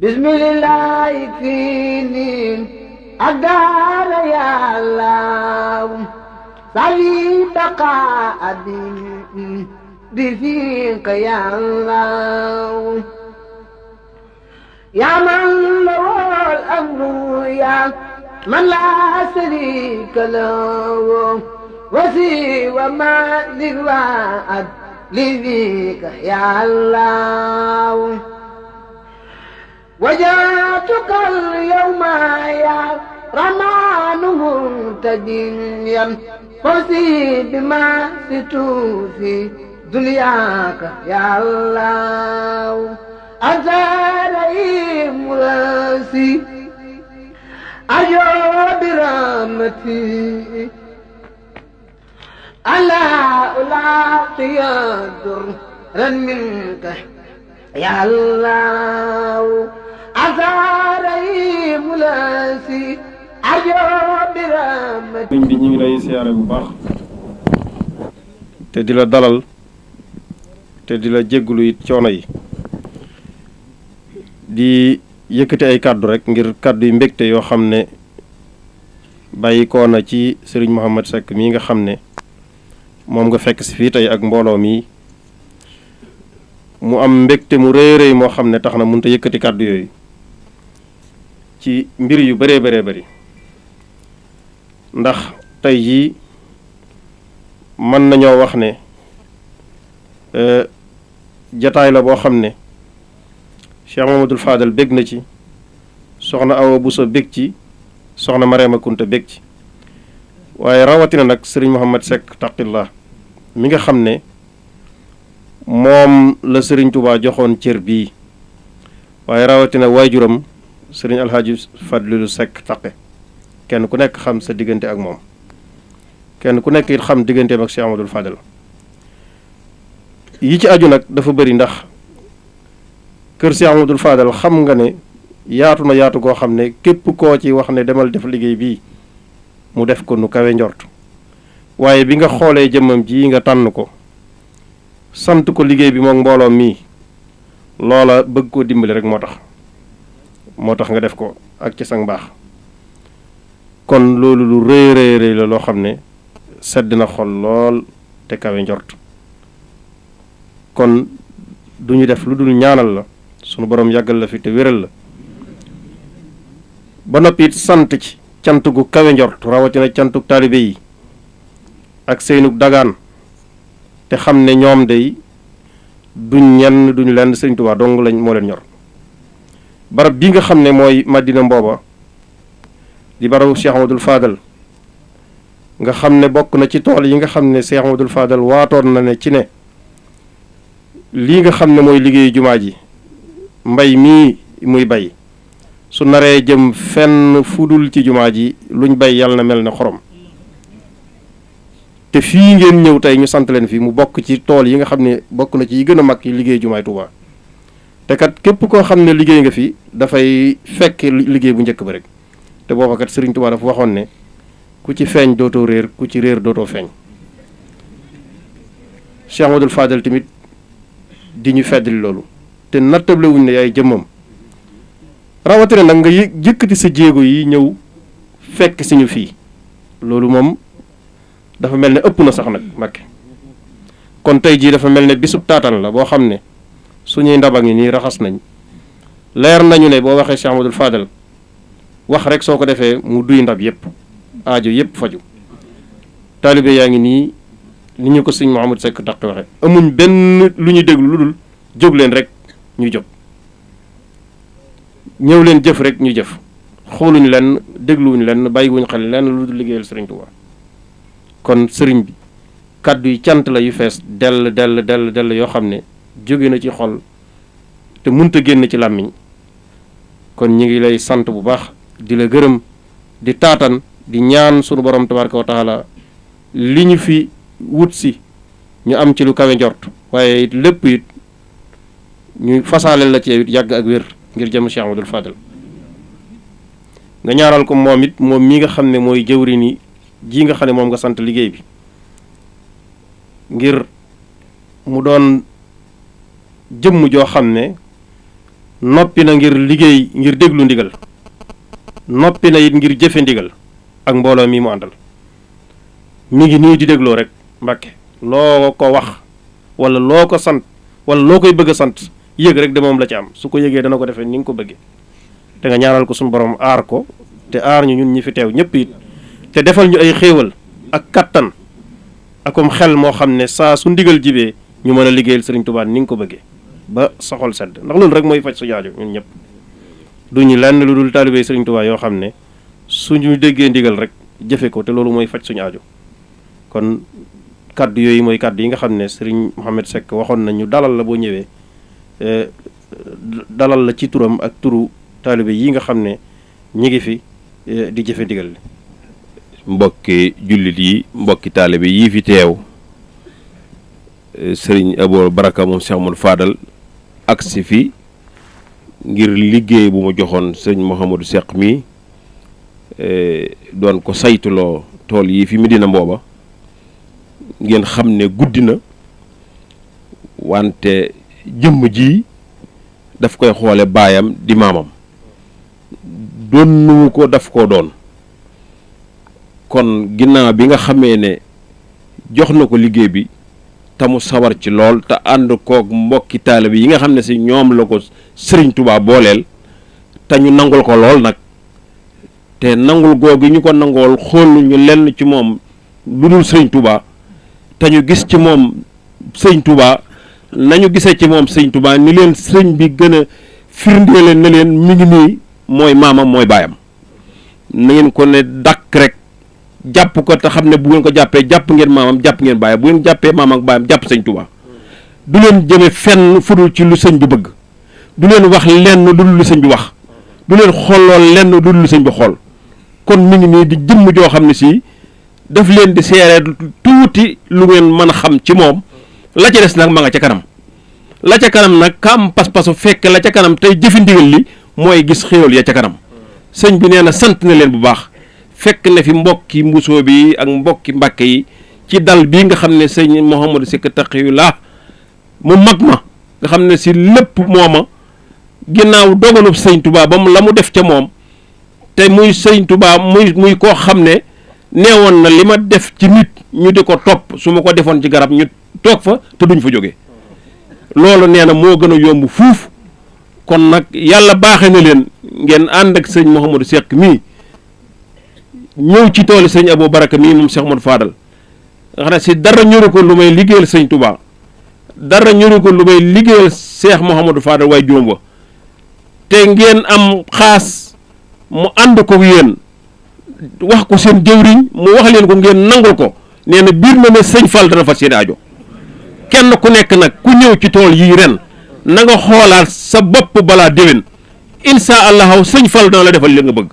bismillah fii nii ak daara yàllaaw sali baqa bi fiq yàllaaw yaa man lawal yaa man laa sharika lahu wasi wa ma liwaat li fiq yàllaaw وجاتك اليوم يا رمانهم تجيا فسي بما ستوفي دنياك يا الله أزاري مراسي أيو برامتي ألا ألاقي الدر منك يا الله sëriñ bi ñu ngi lay siyaare bu baax te di la dalal te di la jéggulu it coono yi di yëkkati ay kàddu rek ngir kàddu yu mbégte yoo xam ne bàyyi koo na ci sëriñ Mouhamed Seck mii nga xam ne moom nga fekk si fii tey ak mbooloo mii mu am mbégte mu rëy rëy moo xam ne tax na mënut a yëkkati kàddu yooyu ci mbir yu bëree bëree bëri ndax tey jii mën nañoo wax ne euh, jataay la boo xam ne Cheikh Mamadou Fadal bég na ci soxna Awa Bousso bég ci soxna Marema Kunta bég ci waaye rawatina nag sëriñ Mouhamed Seck taqillah mi nga xam ne moom la sëriñ Touba joxoon cër bii waaye rawatina waajuram sëriñ alxaaji Fadlilu sekk taqe kenn ku nekk xam sa diggante ak moom kenn ku nekk it xam digganteem ak Cheikh Amadou Fadel yi ci aju nag dafa bari ndax kër Cheikh Amadou Fadel xam nga ne yaatu na yaatu goo xam ne képp koo ci wax ne demal def liggéey bii mu def ko nu kawe njort waaye bi nga xoolee jëmmam ji nga tànn ko sant ko liggéey bi moom mbooloo mii loola bëgg koo dimbali rek moo tax moo tax nga def ko ak ci sang mbaax kon loolu lu rëy rëy la loo xam ne sedd na xol lool te kawe njort kon du ñu def lu dul ñaanal la sunu borom yàggal la fi te wéral la ba noppi it sant ci cant gu kawe njort rawatina cantuk taalibe yi ak seenug dagaan te xam ne ñoom day duñ ñenn duñu lenn Sëriñ Tuubaa dong lañ moo leen ñor barab bi nga xam ne mooy màddina Mbooba di barabu Cheikh Amadou Fadal nga xam ne bokk na ci tool yi nga xam ne Cheikh Amadou Fadal waatoon na ne ci ne lii nga xam ne mooy liggéey jumaa ji mbay mii muy bay su naree jëm fenn fudul ci jumaa ji luñ bay yàlla na mel ne xorom te fii ngeen ñëw tey ñu sant leen fi mu bokk ci tool yi nga xam ne bokk na ci yi gën a mag yi liggéey jumaay Tuubaa te kat képp koo xam ne liggéey nga fii dafay fekk liggéey bu njëkk ba rek te booba kat Serigne Touba dafa waxoon ne ku ci feeñ dootoo réer ku ci réer dootoo feeñ Cheikh Amadou Fadel tamit di ñu feddali loolu te nattable ne yaay jëmmam rawatina nag nga yëkkati sa jéego yi ñëw fekk si ñu fii loolu moom dafa mel ne ëpp na sax nag Mbakke kon tey jii dafa mel ne bisub taataan la boo xam ne. suñuy a ngi nii raxas nañ leer nañu ne boo waxee Cheikh Amadou Fadal wax rek soo ko defee mu duy ndab yëpp aajo yëpp faju taalibe yaa ngi nii ni ñu ko sëñ Mouhamadou Seck taq waxe amuñ benn lu ñu déglu lu dul jóg leen rek ñu jóg ñëw leen jëf rek ñu jëf xooluñu lenn dégluwuñu lenn bàyyiwuñu xel lenn lu dul liggéeyal sëriñ Tuubaa kon sëriñ bi kàddu yi cant la yu fees dell dell dell dell yoo xam ne jóge na ci xol te munta génn ci làmmiñ kon ñi ngi lay sant bu baax di la gërëm di taatan di ñaan sunu borom tabaraka wa taala li ñu fi wut si ñu am ci lu kawe njort waaye it lépp it ñu fasaaleel la ci it yàgg ak wér ngir jëm Cheikh Amadou Fadel nga ñaaral ko moom it moom mi nga xam ne mooy jëwriñi ji nga xam ne moom nga sant liggéey bi ngir mu doon jëmm joo xam ne noppi na ngir liggéey ngir déglu ndigal noppi na yit ngir jëfe ndigal ak mbooloo mi mu àndal mi ngi nii di dégloo rek Mbàkke loo ko wax walla loo ko sant wala loo koy bëgg sant yëg rek de moom la ci am su ko yëgee dana ko defee ni nga ko bëggee da nga ñaanal ko suñu borom aar ko te aar ñu ñun ñi fi teew ñëpp it te defal ñu ay xéewal ak kattan akum xel moo xam ne saa su ndigal jibee ñu mën a liggéeyal Sëriñ tubaat ni nga ko bëggee ba soxol sedd ndax loolu rek mooy faj suñu aajo ñun ñëpp ñu lenn lu dul taalibey Sëriñ Tuubaa yoo xam ne suñu déggee ndigal rek jëfe ko te loolu mooy faj suñu aajo kon kàddu yooyu mooy kaddu yi nga xam ne Sëriñ Mouhamed Seck waxoon nañu dalal la boo ñëwee eh, dalal la ci turam ak turu taalibe yi nga xam ne ñi ngi fi eh, di jëfe ndigal li mbokki jullit yi mbokki taalibe yii fi teew eh, sëriñ Abo Baraka moom Cheikh Mouhamadou Fadal agsi fi ngir liggéey bu ma joxoon sëñ Mouhamadou seq mii e, doon ko saytuloo tool yi fi Medina Mbooba ngeen xam ne guddi na wante jëmm ji daf koy xoole baayam di maamam doonnu ko daf koo doon kon ginnaaw bi nga xamee ne jox na ko liggéey bi te mu sawar ci lool te ànd koog mbokki taalibe yi nga xam ne si ñoom la ko sëriñ tubaa booleel te ñu nangul ko lool nag te nangul googu ñu ko nangool xool ñu lenn ci moom lu dul sëriñ Tuubaa te ñu gis ci moom sëriñ Tuubaa nañu gisee ci moom sëriñ Tuubaa ni leen sëriñ bi gën a firndeele na leen mi ngi nii mooy maamam mooy baayam na ngeen ko ne dàkk rek jàpp ko te xam ne bu ngeen ko jàppee jàpp ngeen maamam jàpp ngeen baayam bu ngeen jàppee maamam ak baayam jàpp sëñ Tuubaa du leen jëme fenn fudul ci lu sëñ bi bëgg du leen wax lenn lu dul lu sëñ bi wax du leen xooloo lenn lu dul lu sëñ bi xool kon mu ngi nii di jëmm joo xam ne sii daf leen di seeree tuuti lu ngeen mën a xam ci moom la ca des nag ma nga ca kanam la ca kanam nag ka am pas-pasu fekk la ca kanam tey jëfi ndigal li mooy gis xéewal ya ca kanam sëñ bi na sant na leen bu baax fekk na fi mbokki mbusoo bi ak mbokki mbàkke yi ci dal bii nga xam ne sëñ Mouhamadou Seck laa mu mag ma nga xam ne si lépp mooma ginnaaw dogalub sëñ Touba ba mu la mu def ca moom te muy sëñ Touba muy muy koo xam ne neewoon na li ma def ci nit ñu di ko topp su ma ko defoon ci garab ñu toog fa te duñ fa jóge loolu nee na moo gën a yomb fuuf kon nag yàlla baaxe na leen ngeen ànd ak sëñ Mouhamadou Seck mii ñëw ci tool sëñ Abou Baraka mii moom seex Modou Fadal nga xam ne si dara ñoru ko lu may liggéeyal sëñ Touba dara ñoru ko lu may liggéeyal Cheikh Mouhamadou Fadal waaye juróom ba te ngeen am xaas mu ànd ko yéen wax ko seen jëwriñ mu wax leen ko ngeen nangul ko nee na biir na ne sëñ Fall dana fa yéene ajo kenn ku nekk nag ku ñëw ci tool yi ren na nga xoolaat sa bopp balaa déwén incha allahu sëñ Fall dana la defal leen nga bëgg.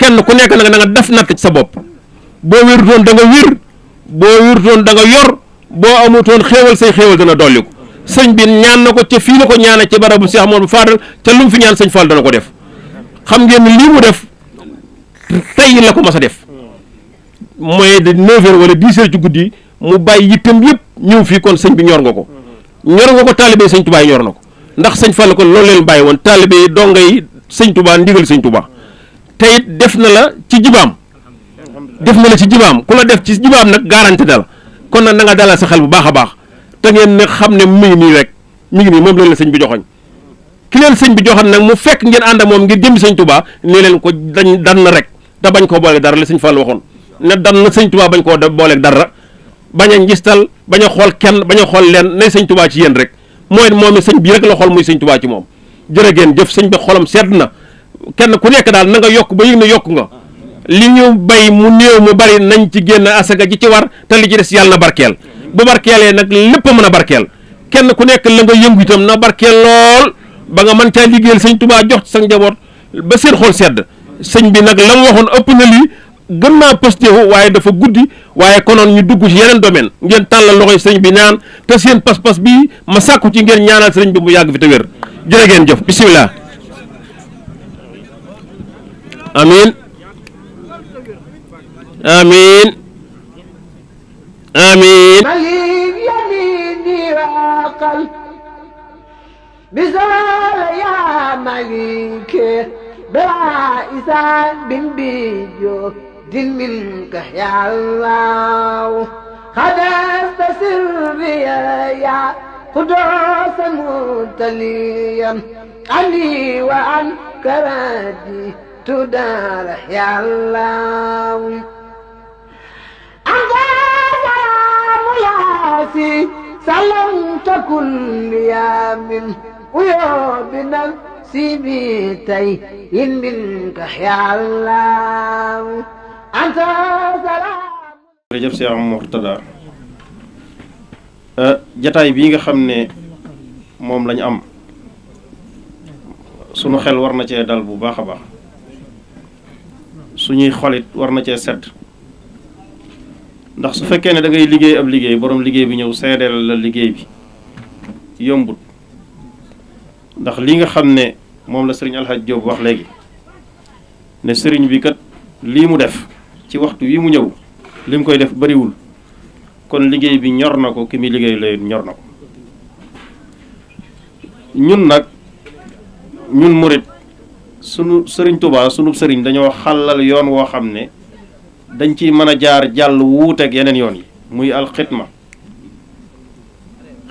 kenn ku nekk nag na nga def natt ci sa bopp boo wérutoon da nga wér boo wérutoon da nga yor boo amutoon xéewal say xéewal dana dolli ko sëñ bi ñaan na ko ca fii la ko ñaana ci barabu Cheikh Modou Fadal ca lu mu fi ñaan sëñ Fall dana ko def xam ngeen lii mu def tey la ko mas a def mooy de 9h wala 10h ci guddi mu bàyyi yittam yëpp ñëw fii kon sëñ bi ñor nga ko ñor nga ko taalibe sëñ Tuubaa ñor na ko ndax sëñ Fall kon loolu leen bàyyi woon taalibe yi donga yi sëñ Tuubaa ndigal sëñ Tuubaa te it def na la ci jibaam def na la ci jubaam ku la def ci jubaam nag garanti dal kon nag na nga dalal sa xel bu baax a baax te ngeen ne xam ne mu ngi nii rek mu ngi nii moom loolu la sëñ bi joxoñ ki leen sëñ bi joxoon nag mu fekk ngeen ànd ak moom ngir jëm sëñ tubaa ne leen ko dañ dan na rek te bañ koo boole dara li sëñ Fall waxoon ne dan na sëñ tubaa bañ koo booleeg dara bañ a ngistal bañ a xool kenn bañ a xool leen nay sëñ tubaa ci yéen rek mooy moom i sëñ bi rek la xool muy sëñ tubaa ci moom jërë ngeen jëf sëñ bi xolam sedd na kenn ku nekk daal na nga yokk ba yëg ne yokk nga li ñu bay mu néew mu bari nañ ci génn asaka ji ci war te li ci des yàlla na barkeel bu barkeelee nag lépp mën a barkeel kenn ku nekk la nga yëngu itam na barkeel lool ba nga mën caa liggéeyal sëñ Tuubaa jox ci sa njaboot ba seen xol sedd sëñ bi nag la mu waxoon ëpp na lii gën naa postéwu waaye dafa guddi waaye konoon ñu dugg ci yeneen domaine ngeen loxo yi sëñ bi ñaan te seen pas-pas bi ma sàkku ci ngeen ñaanal sëriñ bi yàgg fi te wér jërë ngeen jëf amiin amiin amiin malik yamini waaqal bisaara yaa malike bilaa isaan bimbijo din minka yaa allah خدست سريا يا قدوس متليا عني وعن كرادي tuddaala yàllaaw anta salaamu yaasi salam takun liyaamin uyoo bi nafsi bi tay yin minka yàllaaw anta salaam jërëjëf Seex Murtada euh, jataay bii nga xam ne moom lañu am sunu xel war na cee dal bu baax a baax ñuy xolit war na cee sedd ndax su fekkee ne dangay liggéey ab liggéey borom liggéey bi ñëw seedeel la liggéey bi yombut ndax li nga xam ne moom la sëriñ Alxaaj Jóob wax léegi ne sëriñ bi kat lii mu def ci waxtu wi mu ñëw li mu koy def bariwul kon liggéey bi ñor na ko ki muy liggéey lay ñor na ko ñun nag ñun murit sunu sëriñ Touba sunu sëriñ dañoo xàllal yoon woo xam ne dañ ci mën a jaar jàll wuuteeg yeneen yoon yi muy alxitma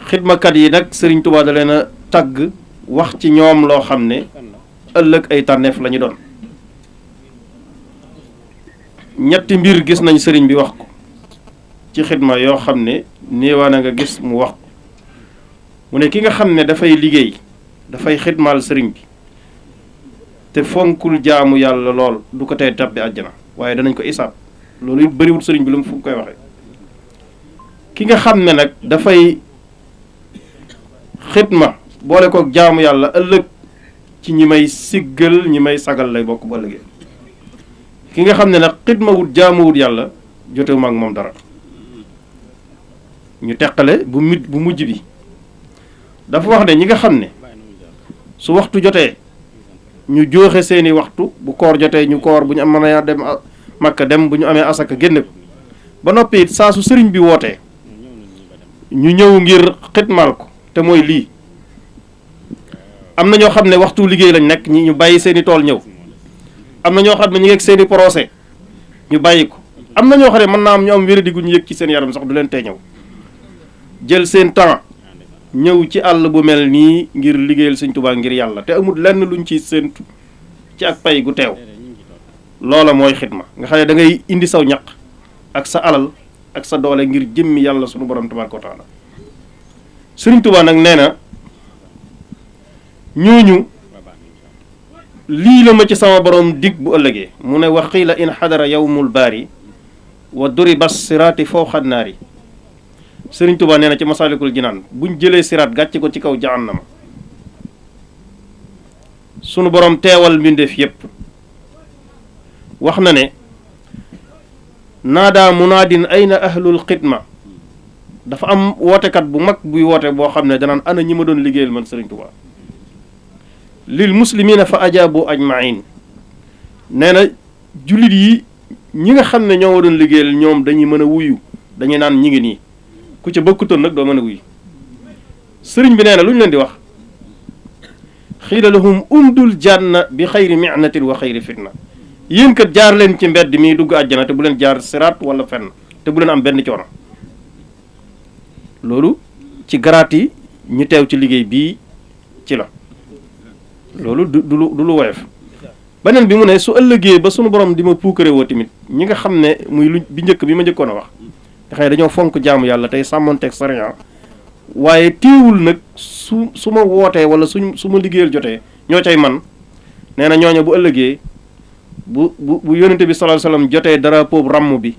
xitmakat yi nag sëriñ Touba da leen a tagg wax ci ñoom loo xam ne ëllëg ay tànneef la doon ñetti mbir gis nañ sëriñ bi wax ko ci xidma yoo xam ne néewaa a nga gis mu wax ko mu ne ki nga xam ne dafay liggéey dafay xidmaal sëriñ bi te fonkul jaamu yàlla lool du ko tey tabbi àjjana waaye danañ ko isaab loolu it bëriwul sëriñ bi lu mu fu koy waxee ki nga xam ne nag dafay xitma boole kook jaamu yàlla ëllëg ci ñi may siggal ñi may sagal lay bokk bu ëllëgee ki nga xam ne nag xitma wut jaamu wut yàlla jotewu ma ak moom dara ñu teqale bu mit bu mujj bi dafa wax ne ñi nga xam ne su waxtu jotee ñu jooxe seeni waxtu bu koor jotee ñu koor bu ñu am mën a dem makk dem bu ñu amee asaka génne ko ba noppi it saa su sëriñ bi wootee ñu ñëw ngir xitmaal ko te mooy lii am na ñoo xam ne waxtu liggéey lañ nekk ñi ñu bàyyi seeni tool ñëw am na ñoo xam ne ñu ngeeg seeni procès ñu bàyyi ko am na ñoo xam ne mën naa am ñu am wéradi gu ñu yëg ci seen yaram sax du leen tee ñëw jël seen temps ñëw ci àll bu mel nii ngir liggéeyal sëñ tubaa ngir yàlla te amul lenn luñ ci séentu ci ak pay gu teew loola mooy xidma nga xam ne dangay indi saw ñaq ak sa alal ak sa doole ngir jëmmi yàlla sunu borom tabaaraka wa taala sëriñ tubaa nag nee na ñooñu lii la ma ci sama borom dig bu ëllëgee mu ne la in xadara yowmul baari wa duriba siraati fawqa naari sëriñ Touba nee na ci masaalikul jinaan ñu jëlee siraat gàcc ko ci kaw jahannama sunu borom teewal mbindeef yépp wax na ne naadaa munaadin ayna ahlul xidma dafa am wootekat bu mag buy woote boo xam ne danaan ana ñi ma doon liggéeyal man sëriñ Touba lil muslimina fa ajaabu ajmain nee na jullit yi ñi nga xam ne ñoo ma doon liggéeyal ñoom dañuy mën a wuyu dañuy naan ñi ngi nii ku ca bokkutoon nag doo mën a wuy sëriñ bi nee na lu ñu leen di wax xiila lahum umdul janna bi xayri mihnatin wa xayri fitna yéen kat jaar leen ci mbedd mii dugg àjjana te bu leen jaar siraat wala fenn te bu leen am benn coono loolu ci garaat yi ñu teew ci liggéey bii ci la loolu du du lu woyof beneen bi mu ne su ëllëgee ba sunu borom di ma puukare woo tamit ñi nga xam ne muy lu bi njëkk bi ma njëkkoon a wax nga dañoo fonk jaamu yàlla tey sàmmonteeg sariya waaye téewul nag su su ma wootee wala suñ su ma liggéeyal jotee ñoo cay man nee na ñooñu bu ëllëgee bu bu bu yónnente bi sallallahu alayhi wasallam jotee drapeau ràmm bi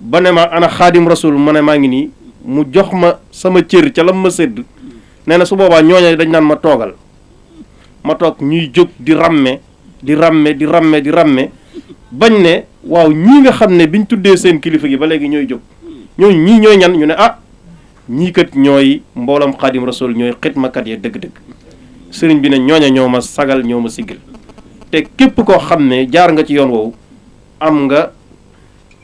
ba ne ma ana xaadim ma ne maa ngi nii mu jox ma sama cër ca lam ma sedd nee na su boobaa ñooñu dañ naan ma toogal ma toog ñuy jóg di ràmme di ràmme di ràmme di ràmme bañ ne waaw ñii nga xam ne biñ tuddee seen kilifa gi ba léegi ñooy jóg ñooñu ñii ñooy ñan ñu ne ah ñii kat ñooy mboolam xaadim rasul ñooy xitmakat ya dëgg-dëgg sëriñ bi ne ñooña ñoo ma sagal ñoo ma siggal te képp koo xam ne jaar nga ci yoon woowu am nga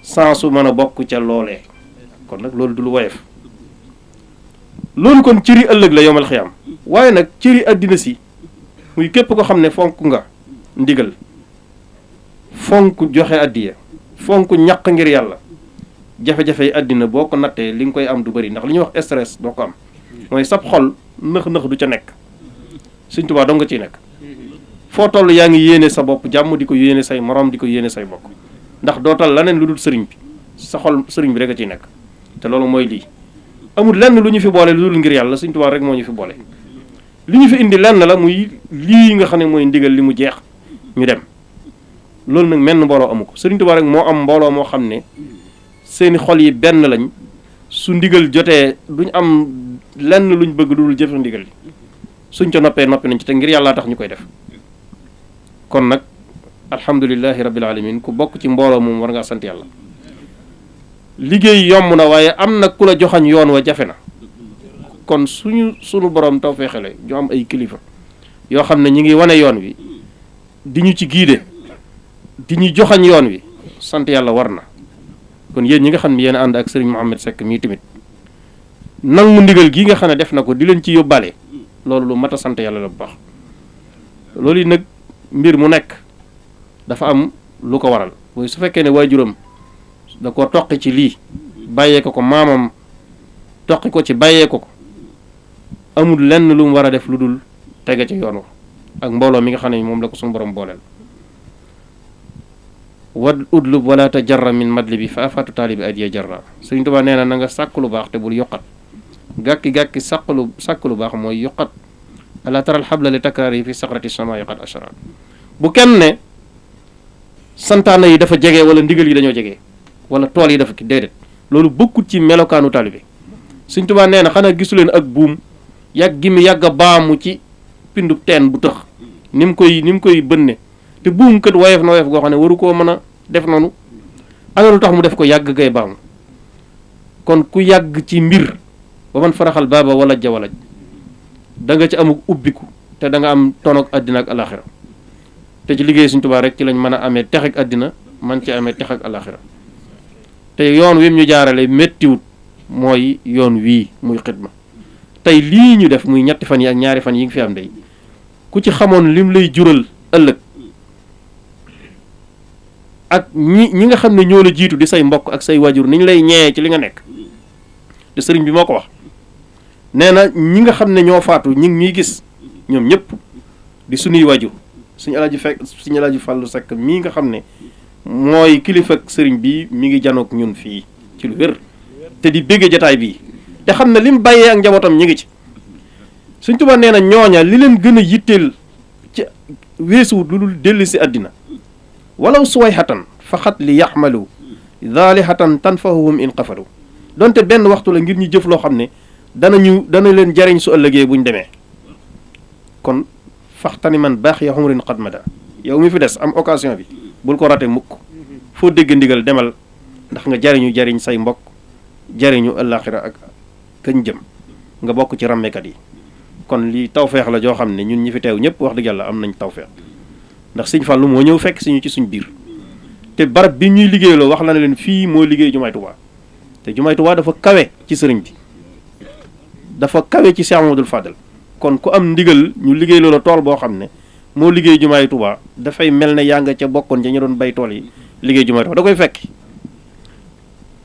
sans su mën a bokk ca loole kon nag loolu dul lu woyof loolu kon cëri ëllëg la yomal xiyam waaye nag cëri àddina si muy képp ko xam ne fonk nga ndigal fonk joxe addiya fonk ñaq ngir yàlla jafe-jafe àddina boo ko nattee li nga koy am du bëri ndax li ñuy wax stress doo ko am mooy sab xol nëx-nëx du ca nekk Sëñ Tuubaa dong nga ciy nekk foo toll yaa ngi yéene sa bopp jàmm di ko yéene say morom di ko yéene say bokk ndax doo tal leneen lu dul sëriñ bi sa xol sëriñ bi rek a ciy nekk te loolu mooy lii amul lenn lu ñu fi boole lu dul ngir yàlla Sëñ Tuubaa rek moo ñu fi boole li ñu fi indi lenn la muy lii nga xam ne mooy ndigal li mu jeex ñu dem loolu nag menn mbooloo amu ko Sëriñ Tuubaa rek moo am mbooloo moo xam ne seeni xol yi benn lañ su ndigal jotee ñu am lenn luñ bëgg dul jëfe ndigal suñ ca noppee noppi nañ ci ngir yàllaa tax ñu koy def kon nag alhamdulilahi rabbil alamin ku bokk ci mbooloo moom war ngaa sant yàlla liggéey yomb na waaye am na ku la joxañ yoon wa jafe na kon suñu suñu borom taw feexale ñu am ay kilifa yoo xam ne ñu ngi wane yoon wi di ñu ci giide di ñu joxañ yoon wi sant yàlla war na kon yéen ñi nga xam ne yéen ànd ak seriñ Mohamed Seck mii tamit mu ndigal gii nga xam ne def na ko di leen ci yóbbaale loolu lu mat a sant yàlla la bu baax loolu yi nag mbir mu nekk dafa am lu ko waral mooy su fekkee ne waajuram da ko toqi ci lii bàyyee ko ko maamam toqi ko ci bàyyee ko ko amul lenn lu mu war a def lu dul tege ci yoon wa ak mbooloo mi nga xam ne moom la ko suñu borom booleel wad udlub wala tajarra min madlibi fa afatu taalibi adiya jarra Sëriñ Tuubaa nee na na nanga sàkk lu baax te bul yokkat gàkki-gàkki sàkk lu sàkk lu baax mooy yokkat ala taral xabla li takraar yi fi saxrati sama yoqat asharat bu kenn ne santaana yi dafa jege wala ndigal yi dañoo jege wala tool yi dafa ki déedéet loolu bokkut ci melokaanu taalibe Sëriñ Tuubaa nee na xanaa gisu leen ak buum yàgg gi mu yàgg a baamu ci pindub teen bu tëx ni koy ni mu koy bënne te buum kat woyof na woyof goo xam ne waru koo mën a def noonu ana tax mu def ko yàgg gay baamu kon ku yàgg ci mbir ba man faraxal baaba walaj ja walaj da ci amuk ubbiku te danga am tonog àddina ak te ci liggéey suñ rek ci lañ mën a amee tex àddina man ci amee tex ak alaxira te yoon wi ñu jaarale méttiwut mooy yoon wii muy ma tey lii ñu def muy ñetti fan yi ak ñaari fan yi nga fi am day ku ci xamoon lim lay jural ëllëg ak ñi ñi nga xam ne ñoo la jiitu di say mbokk ak say wajur ni ñu lay ñeewee ci li nga nekk te sëriñ bi moo ko wax nee na ñi nga xam ne ñoo faatu ñi ngi ñuy gis ñoom ñëpp di suñuy waajur suñu alaaji fekk suñu alaaji fàllu sekk mii nga xam ne mooy kilifa sëriñ bi mi ngi janoog ñun fii ci lu wér te di bégge jataay bii te xam ne lim bàyyee ak njabootam ñi ngi ci suñ tubaab nee na ñooña li leen gën a yitteel ci weesuwut lu dul dellu si àddina su walaw suwayhatan faxat li yaxmalu daalihatan tanfahum in qafalu donte benn waxtu la ngir ñu jëf loo xam ne danañu dana leen jariñ su ëllëgee bu ñu demee kon faxtani man baax ya xumrin qad mada yow mi fi des am occasion bi bul ko rate mukk foo dégg ndigal demal ndax nga jariñu jariñ say mbokk jariñu àllaaxira ak kañ jëm nga bokk ci ràmmekat yi kon lii tawfeex la joo xam ne ñun ñi fi teew ñëpp wax dëgg yàlla am nañ tawfeex ndax sëñ Fallou moo ñëw fekk suñu ci suñu biir te barab bi ñuy liggéeyloo wax la na leen fii moo liggéey jumaay Tuubaa te jumaay Tuubaa dafa kawe ci sëriñ bi dafa kawe ci Cheikh Amadou Fadel kon ku am ndigal ñu liggéey loola tool boo xam ne moo liggéey jumaay Tuubaa dafay mel ne yaa nga ca bokkoon ca ñu doon bay tool yi liggéey jumaay Tuubaa da koy fekk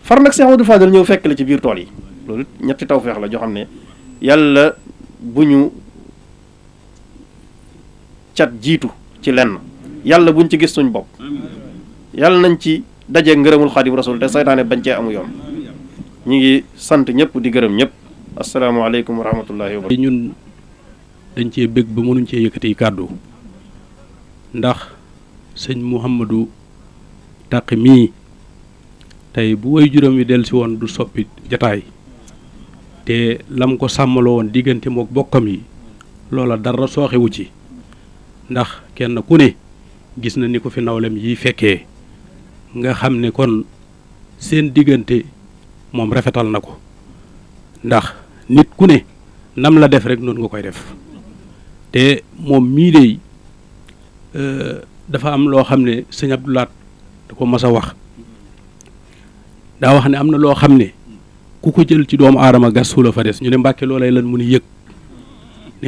far nag Cheikh Amadou Fadel ñëw fekk la ci biir tool yi loolu ñetti tawfeex la joo xam ne yàlla bu ñu cat jiitu ci lenn yàlla buñ ci gis suñ bopp yàlla nañ ci dajee ngërëmul xaadim rasul te saytaane bañ cee amu yoon ñu ngi sant ñëpp di gërëm ñëpp asalaamaaleykum wa rahmatullahi wa barakatu ñun dañ cee bëgg ba mënuñ cee yëkkati kàddu ndax sëñ Mouhamadou Taqi mii tey bu way juróom yi dellu si woon du soppi jataay te lam ko sàmmaloo woon diggante mook bokkam yi loola dara sooxewu ci ndax kenn ku ne gis na ni ko fi nawlem yi fekkee nga xam ne kon seen diggante moom rafetal na ko ndax nit ku ne nam la def rek noonu nga koy def te moom mii dey euh, dafa am loo xam ne sëñ Abdou da ko mas a wax daa wax ne am na loo xam ne ku ko jël ci doomu aadama gas suula fa des ñu ne mbàkke loolay lan mun a yëg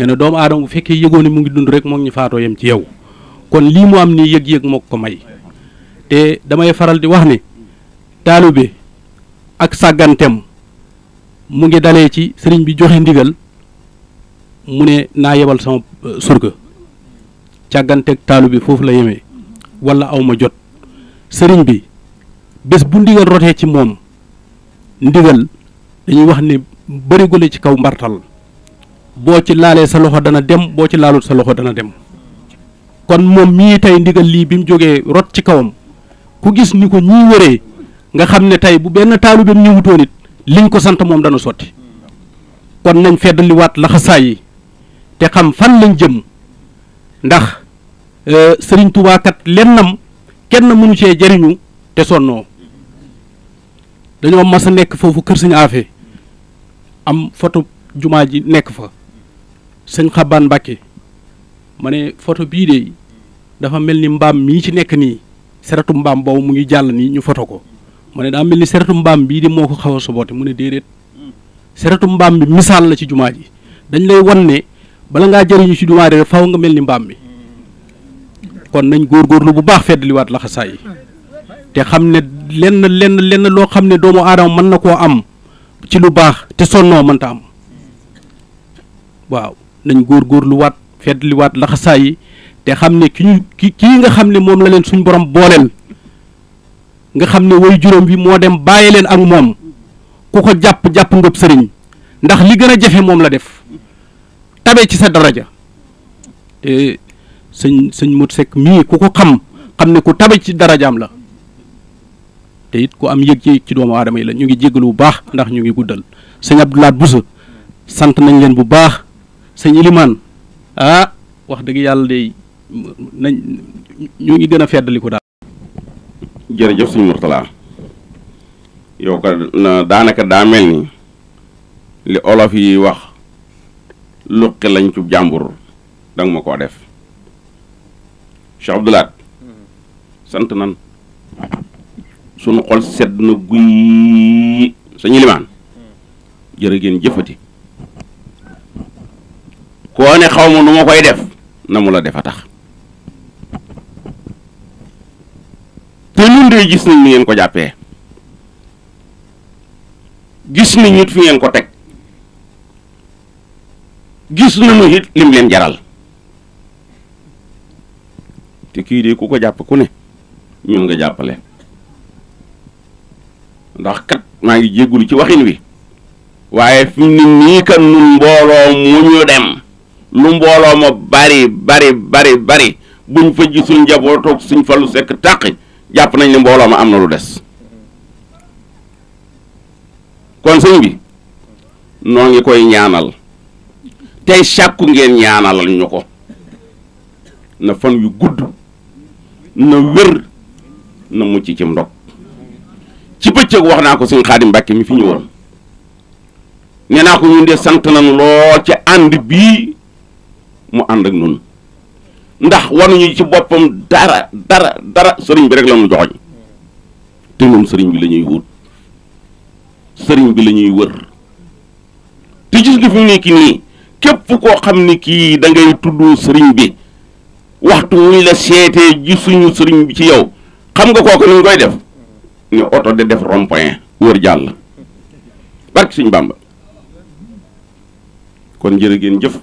nee doomu aadama bu fekkee yëgoo ne mu ngi dund rek moo ngi ñu faatoo yem ci yow kon lii mu am nii yëg-yëg moo ko may te damay faral di wax ni taalibe ak sàggantem mu ngi dalee ci sëriñ bi joxe ndigal mu ne naa yebal sama euh, surga càgganteeg taalibe foofu la yeme walla awma jot sëriñ bi bés bu ndigal rotee ci moom ndigal dañuy wax ni bëri gule ci kaw mbartal boo ci laalee sa loxo dana dem boo ci laalut sa loxo dana dem kon moom mii tey ndigal lii bi mu jógee rot ci kawam ku gis ni ko ñii wëree nga xam ne tey bu benn taalu taalibeem ñëwutoon it liñ ko sant moom dana sotti kon nañ feddaliwaat laxasaay yi te xam fan lañ jëm ndax euh, sëriñ tubaakat kat lennam kenn mënu cee jariñu te sonnoo dañoo mas a nekk foofu kër sëñ Afe am foto jumaa ji nekk fa sëñ xabaan Mbàkke ma ne photo bii de dafa mel ni mbaam mii ci nekk nii seretu mbaam boobu mu ngi jàll nii ñu foto ko ma ne daa mel ni seretu mbaam bii de moo ko xaw a soboote mu ne déedéet seretu mbaam bi misaal la ci jumaa ji dañ lay wan ne bala ngaa jëriñu ci jumaa ji faaw nga mel ni mbaam bi kon nañ góorgóorlu bu baax fedd liwaat laxasaay te xam ne lenn lenn lenn loo xam ne doomu aadama mën na koo am ci lu baax te sonnoo mënta am waaw nañ góorgóorlu waat feddli waat laxasaay yi te xam ne ki ñu ki kii nga xam ne moom la leen suñ borom booleel nga xam ne way juróom bi moo dem bàyyi leen ak moom ku ko jàpp jàpp ngëb sëriñ ndax li gën a jafe moom la def tabe ci sa daraja te sëñ sëñ mot sekk mii ku ko xam xam ne ku tabe ci darajaam la te it ku am yëg-yëg ci doomu aadama yi la ñu ngi jégalu bu baax ndax ñu ngi guddal sëñ Abdoulaat Bousso sant nañ leen bu baax sëñ Ilimaan ah wax dëgg yàlla de nañ ñu ngi gën a feddali ko daal. jërëjëf sëñ Mourtala yow ka daanaka daa mel ni li olof yi wax luqi lañ ci jàmbur danga ma koo def Cheikh sant nan sunu xol sedd na guy sëñ Ilimaan jërë ngeen jëfati. koo ne xaw ma nu ma koy def na mu la def a tax te ñun de gis nañ ni ngeen ko jàppee gis nañ it fi ngeen ko teg gis nañu it lim leen jaral te kii de ku ko jàpp ku ne ñun nga jàppale ndax kat maa ngi jéggulu ci waxin wi waaye fi mu ne kan nun mbooloo mu ñu dem lu mbooloo ma bari bari bari buñ fa gisul njabootoog suñ falu sekk tàqi jàpp nañ ne mbooloo ma am na lu des kon sëñ bi noo ngi koy ñaanal tey sàkku ngeen ñaanalal ñu ko na fan yu gudd na wér na mucc ci ndog ci bëccëg wax naa ko sëñ Xaadim Mbàkke mi fi ñëwoon nee naa ko ñun de sant nañ lool ci ànd bii mu ànd ak noonu ndax wanuñu ci boppam dara dara dara sëriñ bi rek la ñu joxoñ te moom sëriñ bi lañuy ñuy wut sëriñ bi lañuy wër ti gis nga fi mu nekk nii képp koo xam ni kii da ngay sëriñ bi waxtu wuñ la seete gisuñu sëriñ bi ci yow xam nga kooku ni ñu koy def ni oto de def rond wër jàll barki suñu Bàmba kon jërë ngeen jëf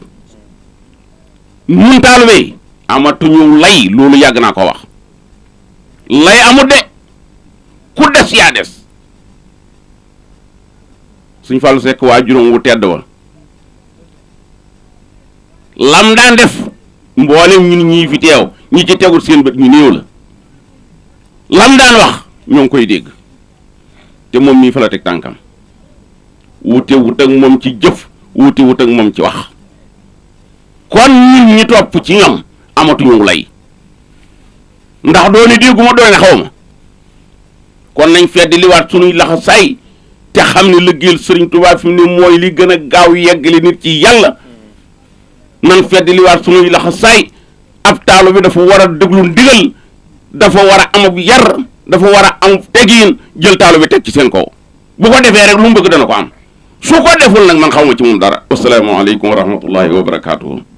ñun taalibe a amatuñu lay loolu yàgg naa ko wax lay amut de ku des yaa des suñ fàllu sekk waa juróom wu tedd wa lam daan def mboolem ñun ñii fi teew ñi ci tegul seen bët ñu néew la lam daan wax ñoo ngi koy dégg te moom mii fa tànkam wute wut ak moom ci jëf wute wut ak moom ci wax kon nit ñi topp ci ñoom amatuñu lay ndax doo diw gu ma doy na xaw ma kon nañ fedd liwaat sunuy laxasaay te xam ne liggéeyal sëriñ Tuubaa fi mu ne mooy li gën a gaaw yeggale nit ci yàlla man fedd liwaat sunuy laxasaay ab taalu bi dafa war a déglu ndigal dafa war a am yar dafa war a teg tegiin jël taalu bi teg ci seen kow bu ko defee rek lu mu bëgg dana ko am su ko deful nag man xaw ma ci moom dara. asalaamaaleykum wa rahmatullahi wa barakaatu.